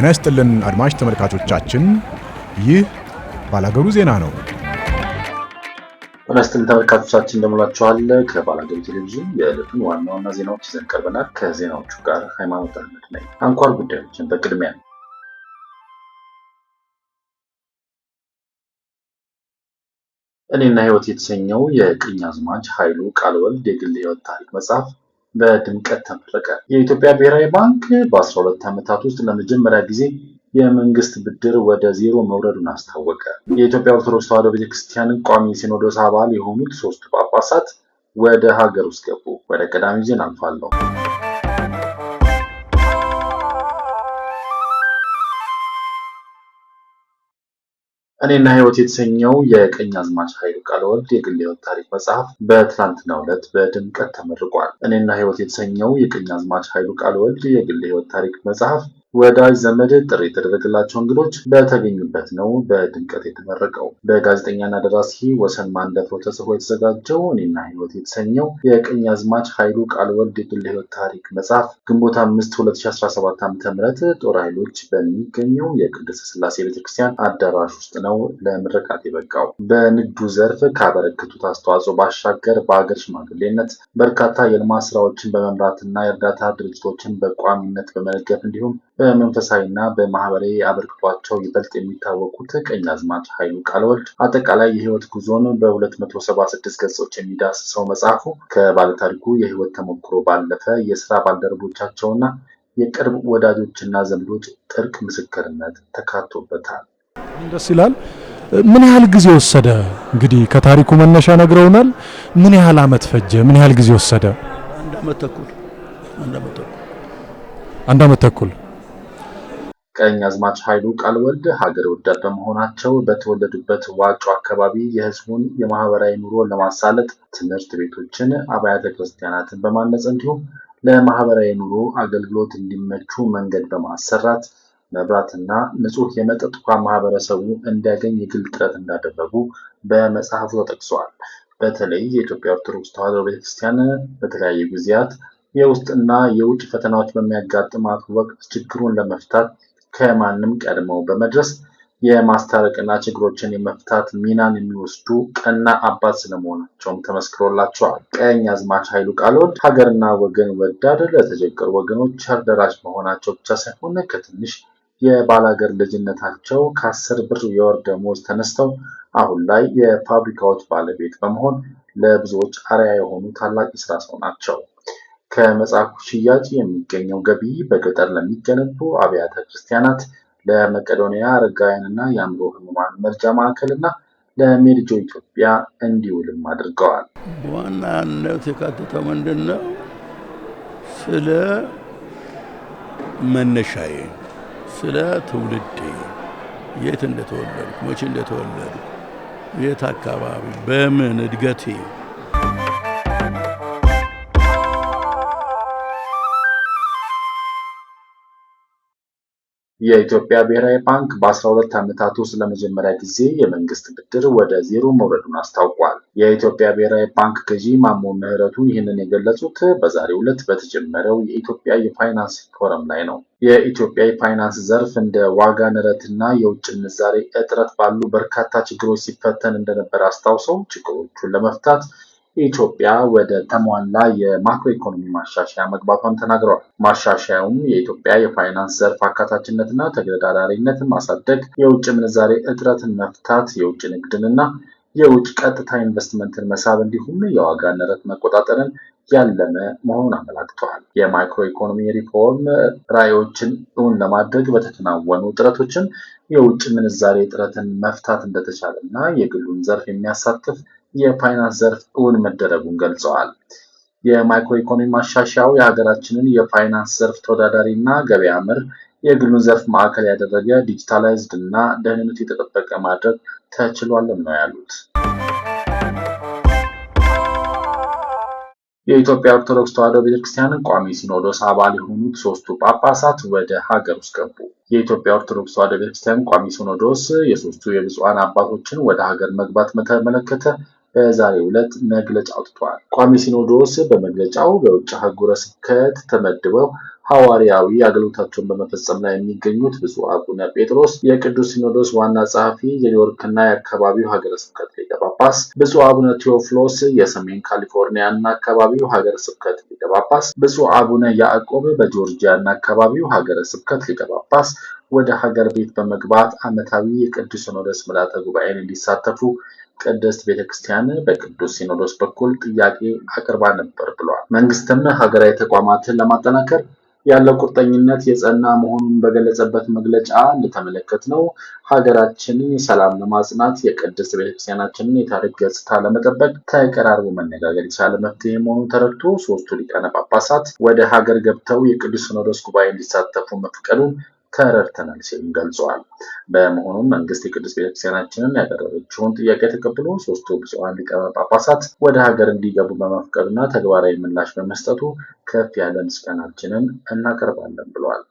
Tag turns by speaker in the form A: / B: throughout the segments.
A: ጤና ይስጥልን አድማጭ ተመልካቾቻችን፣ ይህ ባላገሩ ዜና ነው።
B: ጤና ይስጥልን ተመልካቾቻችን እንደምላችኋል። ከባላገሩ ቴሌቪዥን የዕለቱን ዋና ዋና ዜናዎች ይዘን ቀርበናል። ከዜናዎቹ ጋር ሃይማኖት አልመድ ነኝ። አንኳር ጉዳዮችን በቅድሚያ እኔና ህይወት የተሰኘው የቅኝ አዝማች ኃይሉ ቃልወልድ የግል ህይወት ታሪክ መጽሐፍ በድምቀት ተመረቀ። የኢትዮጵያ ብሔራዊ ባንክ በ12 ዓመታት ውስጥ ለመጀመሪያ ጊዜ የመንግስት ብድር ወደ ዜሮ መውረዱን አስታወቀ። የኢትዮጵያ ኦርቶዶክስ ተዋሕዶ ቤተክርስቲያን ቋሚ ሲኖዶስ አባል የሆኑት ሶስቱ ጳጳሳት ወደ ሀገር ውስጥ ገቡ። ወደ ቀዳሚ ዜና አልፋለሁ። እኔና ህይወት የተሰኘው የቀኛዝማች ኃይሉ ቃለወልድ የግል ህይወት ታሪክ መጽሐፍ በትላንትናው ዕለት በድምቀት ተመርቋል። እኔና ህይወት የተሰኘው የቀኛዝማች ኃይሉ ቃለወልድ የግል ህይወት ታሪክ መጽሐፍ ወዳጅ ዘመድ ጥሪ የተደረገላቸው እንግዶች በተገኙበት ነው በድምቀት የተመረቀው። በጋዜጠኛና ደራሲ ወሰን ማንደፍሮ ተጽፎ የተዘጋጀው እኔና ህይወት የተሰኘው አዝማች ኃይሉ ቃል ወልድ የግል ህይወት ታሪክ መጽሐፍ ግንቦት አምስት 2017 ዓ.ም ጦር ኃይሎች በሚገኘው የቅድስት ስላሴ ቤተክርስቲያን አዳራሽ ውስጥ ነው ለምርቃት የበቃው። በንግዱ ዘርፍ ካበረከቱት አስተዋጽኦ ባሻገር በሀገር ሽማግሌነት በርካታ የልማት ስራዎችን በመምራትና የእርዳታ ድርጅቶችን በቋሚነት በመደገፍ እንዲሁም በመንፈሳዊና በማህበራዊ አበርክቷቸው ይበልጥ የሚታወቁት አዝማች ኃይሉ ቃለወልድ አጠቃላይ የህይወት ጉዞን በ276 ገጾች የሚዳስሰው መጽሐፉ ከባለታሪኩ የህይወት ተሞክሮ ባለፈ የስራ ባልደረቦቻቸውና የቅርብ ወዳጆችና ዘመዶች ጥልቅ ምስክርነት ተካቶበታል።
A: ደስ ይላል። ምን ያህል ጊዜ ወሰደ? እንግዲህ ከታሪኩ መነሻ ነግረውናል። ምን ያህል አመት ፈጀ? ምን ያህል ጊዜ ወሰደ?
C: አንድ አመት ተኩል
A: አንድ አመት ተኩል
B: ቀኝ አዝማች ኃይሉ ቃልወልድ ሀገር ወዳድ በመሆናቸው በተወለዱበት ዋጮ አካባቢ የህዝቡን የማህበራዊ ኑሮ ለማሳለጥ ትምህርት ቤቶችን፣ አብያተ ክርስቲያናትን በማነጽ እንዲሁም ለማህበራዊ ኑሮ አገልግሎት እንዲመቹ መንገድ በማሰራት መብራትና ንጹህ የመጠጥ ውሃ ማህበረሰቡ እንዲያገኝ የግል ጥረት እንዳደረጉ በመጽሐፉ ተጠቅሰዋል። በተለይ የኢትዮጵያ ኦርቶዶክስ ተዋሕዶ ቤተክርስቲያን በተለያዩ ጊዜያት የውስጥና የውጭ ፈተናዎች በሚያጋጥማት ወቅት ችግሩን ለመፍታት ከማንም ቀድመው በመድረስ የማስታረቅና ችግሮችን የመፍታት ሚናን የሚወስዱ ቀና አባት ስለመሆናቸውም ተመስክሮላቸዋል። ቀኝ አዝማች ኃይሉ ቃልወልድ ሀገርና ወገን ወዳድ ለተቸገሩ ወገኖች አደራጅ መሆናቸው ብቻ ሳይሆን ከትንሽ የባላገር ልጅነታቸው ከአስር ብር የወር ደሞዝ ተነስተው አሁን ላይ የፋብሪካዎች ባለቤት በመሆን ለብዙዎች አሪያ የሆኑ ታላቅ የስራ ሰው ናቸው። ከመጽሐፍ ሽያጭ የሚገኘው ገቢ በገጠር ለሚገነቡ አብያተ ክርስቲያናት ለመቄዶንያ አረጋውያንና የአእምሮ ህሙማን መርጃ ማዕከል እና ኢትዮጵያ እንዲውልም አድርገዋል።
D: በዋናነት የካተተው ምንድን ነው? ስለ መነሻዬ፣ ስለ ትውልዴ፣ የት እንደተወለድኩ፣ መቼ እንደተወለድኩ፣ የት አካባቢ፣ በምን እድገቴ
B: የኢትዮጵያ ብሔራዊ ባንክ በ12 ዓመታት ውስጥ ለመጀመሪያ ጊዜ የመንግስት ብድር ወደ ዜሮ መውረዱን አስታውቋል። የኢትዮጵያ ብሔራዊ ባንክ ገዢ ማሞ ምህረቱ ይህንን የገለጹት በዛሬው ዕለት በተጀመረው የኢትዮጵያ የፋይናንስ ፎረም ላይ ነው። የኢትዮጵያ የፋይናንስ ዘርፍ እንደ ዋጋ ንረትና የውጭ ምንዛሬ እጥረት ባሉ በርካታ ችግሮች ሲፈተን እንደነበር አስታውሰው ችግሮቹን ለመፍታት ኢትዮጵያ ወደ ተሟላ የማክሮ ኢኮኖሚ ማሻሻያ መግባቷን ተናግረዋል። ማሻሻያውም የኢትዮጵያ የፋይናንስ ዘርፍ አካታችነትና ተገዳዳሪነትን ማሳደግ፣ የውጭ ምንዛሬ እጥረትን መፍታት፣ የውጭ ንግድንና የውጭ ቀጥታ ኢንቨስትመንትን መሳብ እንዲሁም የዋጋ ንረት መቆጣጠርን ያለመ መሆኑን አመላክተዋል። የማይክሮ ኢኮኖሚ ሪፎርም ራዕዮችን እውን ለማድረግ በተከናወኑ ጥረቶችም የውጭ ምንዛሬ እጥረትን መፍታት እንደተቻለ እና የግሉን ዘርፍ የሚያሳትፍ የፋይናንስ ዘርፍ እውን መደረጉን ገልጸዋል። የማይክሮ ኢኮኖሚ ማሻሻያው የሀገራችንን የፋይናንስ ዘርፍ ተወዳዳሪ እና ገበያ መር የግሉን ዘርፍ ማዕከል ያደረገ ዲጂታላይዝድ እና ደህንነት የተጠበቀ ማድረግ ተችሏልም ነው ያሉት። የኢትዮጵያ ኦርቶዶክስ ተዋሕዶ ቤተክርስቲያን ቋሚ ሲኖዶስ አባል የሆኑት ሶስቱ ጳጳሳት ወደ ሀገር ውስጥ ገቡ። የኢትዮጵያ ኦርቶዶክስ ተዋሕዶ ቤተክርስቲያን ቋሚ ሲኖዶስ የሶስቱ የብፁዓን አባቶችን ወደ ሀገር መግባት በተመለከተ በዛሬ ዕለት መግለጫ አውጥቷል። ቋሚ ሲኖዶስ በመግለጫው በውጭ አህጉረ ስብከት ተመድበው ሐዋርያዊ አገልግሎታቸውን በመፈጸም ላይ የሚገኙት ብፁዕ አቡነ ጴጥሮስ የቅዱስ ሲኖዶስ ዋና ጸሐፊ፣ የኒውዮርክና የአካባቢው ሀገረ ስብከት ሊቀ ጳጳስ፣ ብፁዕ አቡነ ቴዎፍሎስ የሰሜን ካሊፎርኒያና አካባቢው ሀገረ ስብከት ሊቀ ጳጳስ፣ ብፁዕ አቡነ ያዕቆብ በጆርጂያና አካባቢው ሀገረ ስብከት ሊቀ ጳጳስ ወደ ሀገር ቤት በመግባት ዓመታዊ የቅዱስ ሲኖዶስ ምልዓተ ጉባኤን እንዲሳተፉ ቅድስት ቤተ ክርስቲያን በቅዱስ ሲኖዶስ በኩል ጥያቄ አቅርባ ነበር ብለዋል። መንግስትም ሀገራዊ ተቋማትን ለማጠናከር ያለው ቁርጠኝነት የጸና መሆኑን በገለጸበት መግለጫ እንደተመለከት ነው ሀገራችንን ሰላም ለማጽናት የቅድስት ቤተክርስቲያናችንን የታሪክ ገጽታ ለመጠበቅ ተቀራርቦ መነጋገር የቻለ መፍትሄ መሆኑን ተረድቶ ሶስቱ ሊቃነ ጳጳሳት ወደ ሀገር ገብተው የቅዱስ ሲኖዶስ ጉባኤ እንዲሳተፉ መፍቀዱን ተረድተናል ሲልም ገልጸዋል። በመሆኑም መንግስት የቅዱስ ቤተክርስቲያናችንን ያቀረበችውን ጥያቄ ተቀብሎ ሶስቱ ብፁዓን ሊቃነ ጳጳሳት ወደ ሀገር እንዲገቡ በመፍቀዱና ተግባራዊ ምላሽ በመስጠቱ ከፍ ያለ ምስጋናችንን እናቀርባለን ብለዋል።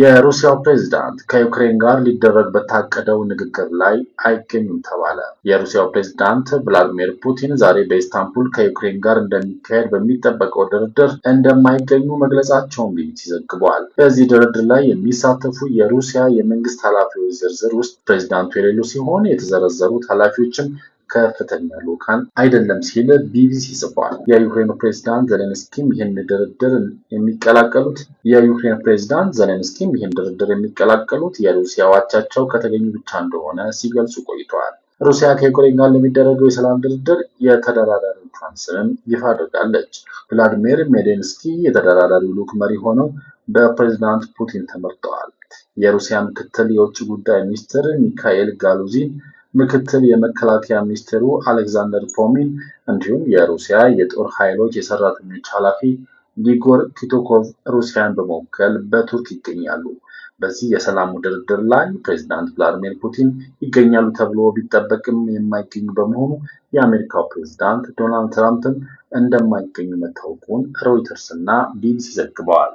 B: የሩሲያው ፕሬዝዳንት ከዩክሬን ጋር ሊደረግ በታቀደው ንግግር ላይ አይገኙም ተባለ። የሩሲያው ፕሬዝዳንት ቭላዲሚር ፑቲን ዛሬ በኢስታንቡል ከዩክሬን ጋር እንደሚካሄድ በሚጠበቀው ድርድር እንደማይገኙ መግለጻቸውን ቢቢሲ ዘግቧል። በዚህ ድርድር ላይ የሚሳተፉ የሩሲያ የመንግስት ኃላፊዎች ዝርዝር ውስጥ ፕሬዝዳንቱ የሌሉ ሲሆን የተዘረዘሩት ኃላፊዎችም ከፍተኛ ልዑካን አይደለም ሲል ቢቢሲ ጽፏል። የዩክሬኑ ፕሬዚዳንት ዘለንስኪም ይህን ድርድር የሚቀላቀሉት የዩክሬን ፕሬዚዳንት ዘለንስኪም ይህን ድርድር የሚቀላቀሉት የሩሲያ አቻቸው ከተገኙ ብቻ እንደሆነ ሲገልጹ ቆይተዋል። ሩሲያ ከዩክሬን ጋር ለሚደረገው የሰላም ድርድር የተደራዳሪዎቿን ስም ይፋ አድርጋለች። ቭላዲሚር ሜዴንስኪ የተደራዳሪ ልዑክ መሪ ሆነው በፕሬዚዳንት ፑቲን ተመርጠዋል። የሩሲያ ምክትል የውጭ ጉዳይ ሚኒስትር ሚካኤል ጋሉዚን ምክትል የመከላከያ ሚኒስትሩ አሌክዛንደር ፎሚን እንዲሁም የሩሲያ የጦር ኃይሎች የሰራተኞች ኃላፊ ሊጎር ኪቶኮቭ ሩሲያን በመወከል በቱርክ ይገኛሉ። በዚህ የሰላሙ ድርድር ላይ ፕሬዚዳንት ቭላዲሚር ፑቲን ይገኛሉ ተብሎ ቢጠበቅም የማይገኙ በመሆኑ የአሜሪካው ፕሬዚዳንት ዶናልድ ትራምፕም እንደማይገኙ መታወቁን ሮይተርስ እና ቢቢሲ ዘግበዋል።